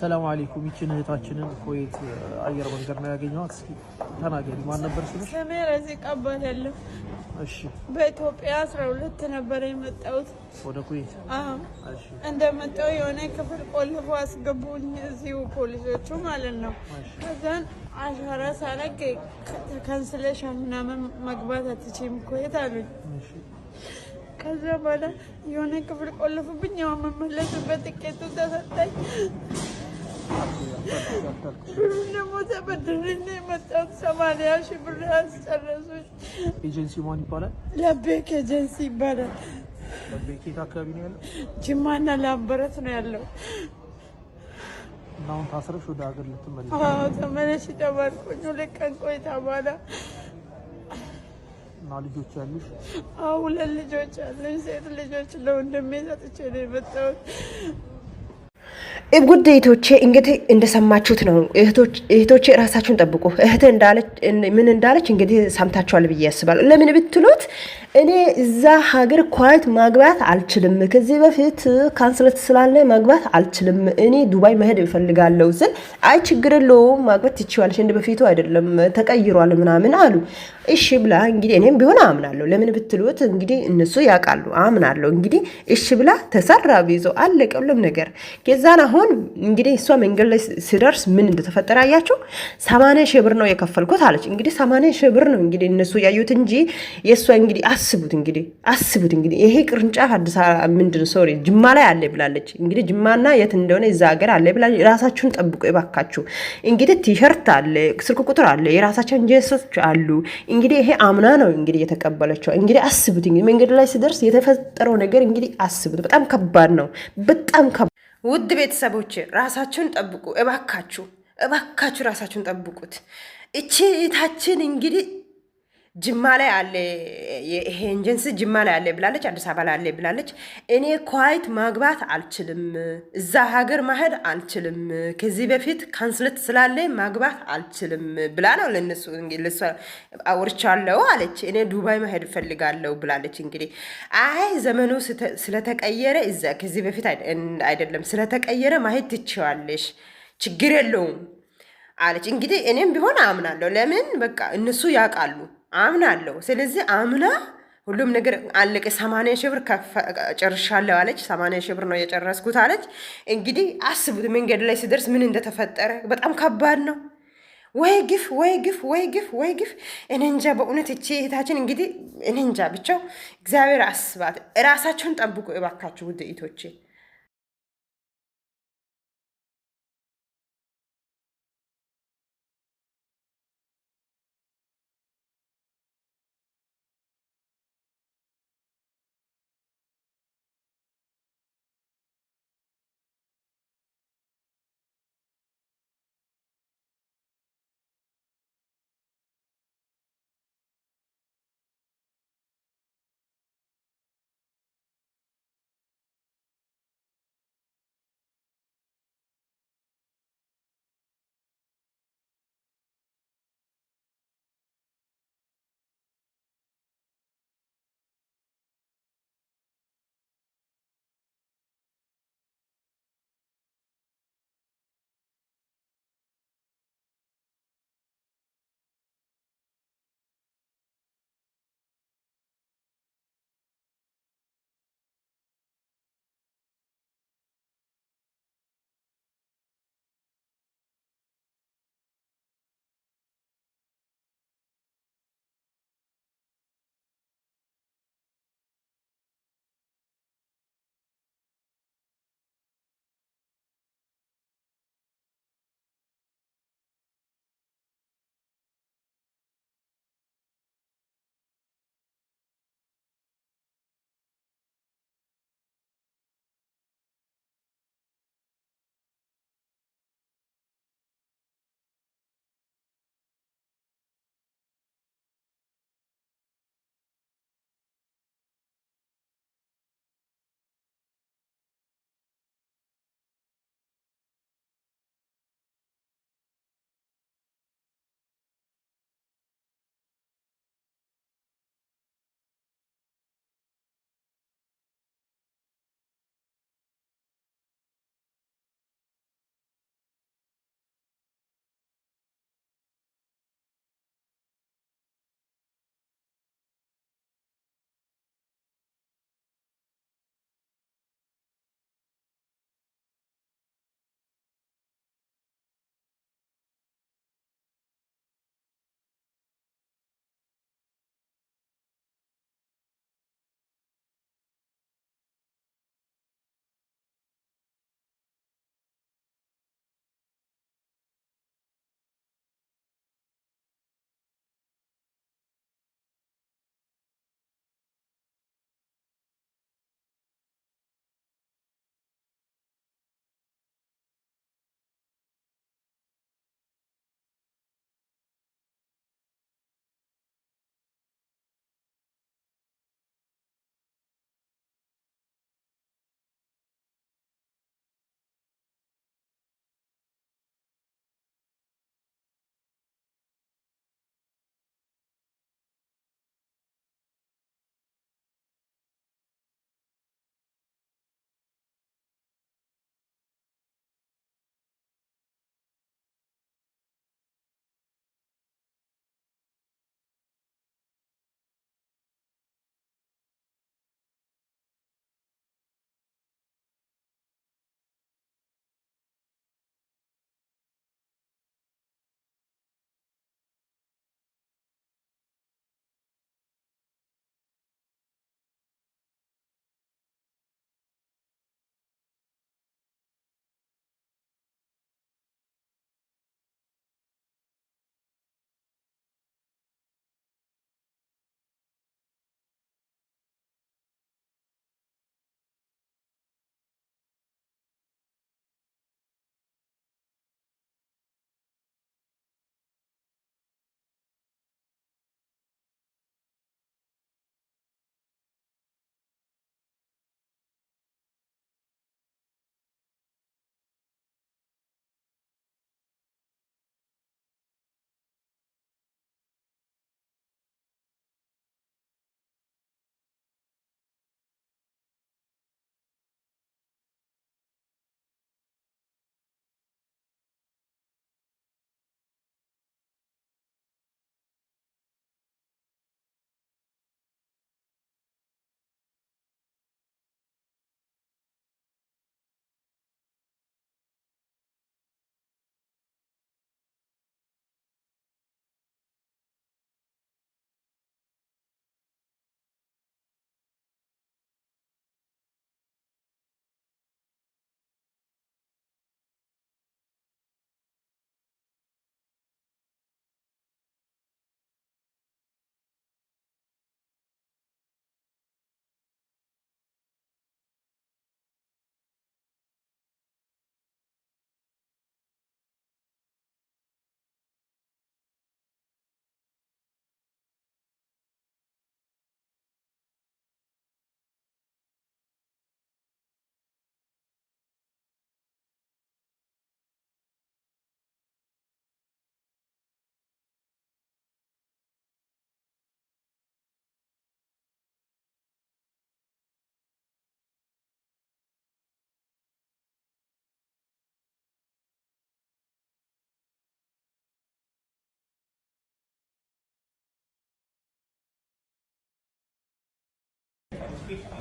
ሰላም አለይኩም። ይችን እህታችንን ኮይት አየር መንገድ ነው ያገኘኋት። ተናገሪ፣ ማን ነበር ስምሽ? ስሜ ረዚቃ እባላለሁ። እሺ፣ በኢትዮጵያ 12 ነበር የመጣሁት ወደ ኩዌት። እንደመጣሁ የሆነ ክፍል ቆልፎ አስገቡኝ፣ እዚሁ ፖሊሶቹ ማለት ነው። ከዛን አሻራ ሳረግ ካንስሌሽን ምናምን መግባት አትችይም ኩዌት አሉኝ። ከዛ በኋላ የሆነ ክፍል ቆለፉብኝ። ያው የምመለስበት ትኬቱ ተሰጠኝ። ብሩን ደግሞ ተበድሬን የመጣሁት። ሰማንያ ሺህ ብር ኤጀንሲ ማን ይባላል? ለቤክ ኤጀንሲ ይባላል። ለቤክ የት አካባቢ ነው ያለው? ጅማና ላምበረት ነው ያለው። አሁን ታስረሽ ወደ ሀገር ልትመለሽ? አዎ ተመለሽ ተባልኩኝ። ሁለት ቀን ቆይታ በኋላ እና ልጆች ያሉሽ? አዎ ሁለት ልጆች ያሉኝ ሴት ልጆች ለወንድሜ ሰጥቼ ነው የመጣሁት። ጉድ እህቶቼ እንግዲህ እንደሰማችሁት ነው። እህቶቼ እራሳችሁን ጠብቁ። እህት ምን እንዳለች እንግዲህ ሰምታችኋል ብዬ ያስባለሁ። ለምን ብትሉት እኔ እዛ ሀገር ኩዌት ማግባት አልችልም። ከዚህ በፊት ካንስለት ስላለ ማግባት አልችልም። እኔ ዱባይ መሄድ እፈልጋለሁ ስል አይ ችግር የለውም ማግባት ትችዋለች፣ እንደ በፊቱ አይደለም ተቀይሯል ምናምን አሉ። እሺ ብላ እንግዲህ እኔም ቢሆን አምናለሁ። ለምን ብትሉት እንግዲህ እነሱ ያውቃሉ፣ አምናለሁ። እንግዲህ እሺ ብላ ተሰራ ቢዞ አለቀ ሁሉም ነገር። ከዛን አሁን እንግዲህ እሷ መንገድ ላይ ሲደርስ ምን እንደተፈጠረ አያቸው። ሰማንያ ሺህ ብር ነው የከፈልኩት አለች። እንግዲህ ሰማንያ ሺህ ብር ነው እንግዲህ እነሱ ያዩት እንጂ የእሷ እንግዲህ አስቡት እንግዲህ አስቡት እንግዲህ ይሄ ቅርንጫፍ አዲስ አበባ ምንድን ሶሪ ጅማ ላይ አለ ብላለች። እንግዲህ ጅማና የት እንደሆነ እዛ ሀገር አለ ብላለች። ራሳችሁን ጠብቁ የባካችሁ። እንግዲህ ቲሸርት አለ፣ ስልክ ቁጥር አለ፣ የራሳቸውን ጀሶች አሉ። እንግዲህ ይሄ አምና ነው እንግዲህ የተቀበለችው። እንግዲህ አስቡት እንግዲህ መንገድ ላይ ስደርስ የተፈጠረው ነገር እንግዲህ አስቡት። በጣም ከባድ ነው። በጣም ከባድ ውድ ቤተሰቦች ራሳችሁን ጠብቁ እባካችሁ፣ እባካችሁ ራሳችሁን ጠብቁት። እቺ ታችን እንግዲህ ጅማ ላይ አለ ይሄ ኤጀንሲ ጅማ ላይ አለ ብላለች፣ አዲስ አበባ ላይ አለ ብላለች። እኔ ኳይት ማግባት አልችልም፣ እዛ ሀገር ማሄድ አልችልም፣ ከዚህ በፊት ካንስለት ስላለ ማግባት አልችልም ብላ ነው ለነሱ ለሷ አውርቻለሁ አለች። እኔ ዱባይ ማሄድ እፈልጋለሁ ብላለች። እንግዲህ አይ ዘመኑ ስለተቀየረ እዛ ከዚህ በፊት አይደለም ስለተቀየረ ማሄድ ትችዋለሽ፣ ችግር የለውም አለች። እንግዲህ እኔም ቢሆን አምናለሁ። ለምን በቃ እነሱ ያውቃሉ አምናለሁ። ስለዚህ አምና ሁሉም ነገር አለቀ። ሰማንያ ሺህ ብር ጨርሻለሁ አለች። ሰማንያ ሺህ ብር ነው የጨረስኩት አለች። እንግዲህ አስቡት፣ መንገድ ላይ ሲደርስ ምን እንደተፈጠረ በጣም ከባድ ነው። ወይ ግፍ፣ ወይ ግፍ፣ ወይ ግፍ፣ ወይ ግፍ። እኔ እንጃ በእውነት እቺ እህታችን እንግዲህ እኔ እንጃ ብቻው እግዚአብሔር አስባት። እራሳቸውን ጠብቁ እባካችሁ ውድ እህቶቼ።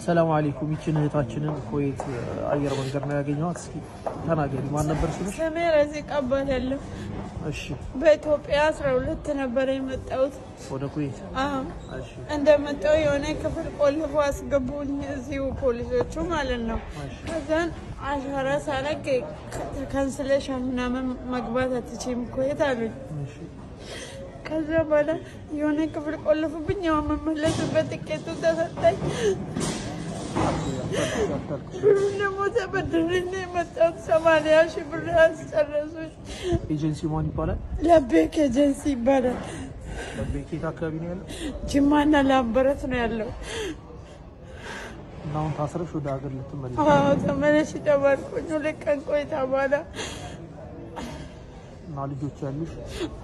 ሰላም አለይኩም። ይችን እህታችንን ኮይት አየር መንገድ ነው ያገኘኋት። እስኪ ተናገሪ፣ ማን ነበር ስልሽ? ስሜ ረዚቃ እባላለሁ። እሺ፣ በኢትዮጵያ 12 ነበር የመጣሁት ወደ ኩዌት። አዎ፣ እንደመጣሁ የሆነ ክፍል ቆልፎ አስገቡኝ፣ እዚሁ ፖሊሶቹ ማለት ነው። ከዛን አሻራ ሳረግ ከንስለሻ ምናምን መግባት አትችም ኩዌት አሉኝ። ከዛ በኋላ የሆነ ክፍል ቆልፉብኝ። ያው የምመለስበት ትኬቱ ተሰጠኝ። ብሩን ደግሞ ተበድሬ የመጣሁት ሰማንያ ሺህ ብር አስጨረሱኝ። ኤጀንሲ ማን ይባላል? ለቤክ ኤጀንሲ ይባላል። ለቤክ የት አካባቢ ነው ያለው? ጅማና ላምበረት ነው ያለው። አሁን ታስረሽ ወደ ሀገር ልትመለሽ? ተመለሽ ተባልኩኝ። ሁለት ቀን ቆይታ በኋላ እና ልጆች ያሉሽ?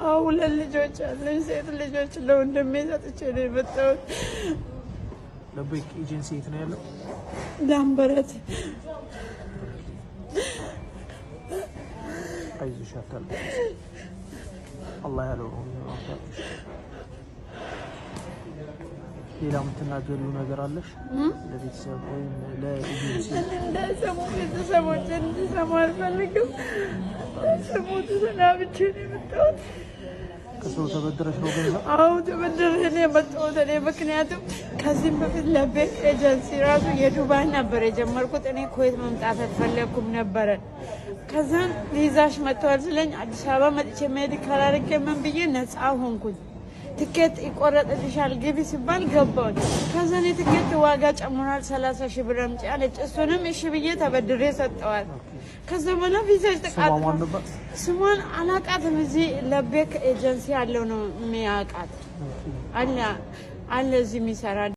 አዎ ሁለት ልጆች ያሉኝ። ሴት ልጆች ለወንድሜ ሰጥቼ ነው የመጣሁት። ለቤክ ኤጀንሲ የት ነው ያለው? ላምበረት። አይዞሽ፣ አታል አላህ ያለው ሌላ የምትናገሪው ነገር አለሽ ለቤተሰብ ወይም ለኤጀንሲ? ቤተሰቦች እንዲሰማ አልፈልግም። ስሙት ሰናብቼ ነው የመጣሁት። ከሰው ተበደረሽ ነው ገንዘብ? አዎ ተበደረሽ ነው የመጣሁት እኔ ምክንያቱም ከዚህም በፊት ለቤት ኤጀንሲ ራሱ የዱባይ ነበር የጀመርኩት። እኔ ኩዌት መምጣት አልፈለግኩም ነበረ። ከዛን ቪዛሽ መጥተዋል ስለኝ አዲስ አበባ መጥቼ መሄድ ካላደረገ ምን ብዬ ነፃ ሆንኩኝ። ትኬት ይቆረጥልሻል ግቢ ሲባል ገባሁኝ። ከዛ እኔ ትኬት ዋጋ ጨምሯል፣ ሰላሳ ሺህ ብር አምጪ አለች። እሱንም እሺ ብዬ ተበድሬ ሰጠዋል። ከዛ በኋላ ቪዛጅ ጥቃት ስሟን አላቃትም። እዚህ ለቤክ ኤጀንሲ ያለው ነው የሚያውቃት አለ አለ እዚህ የሚሰራ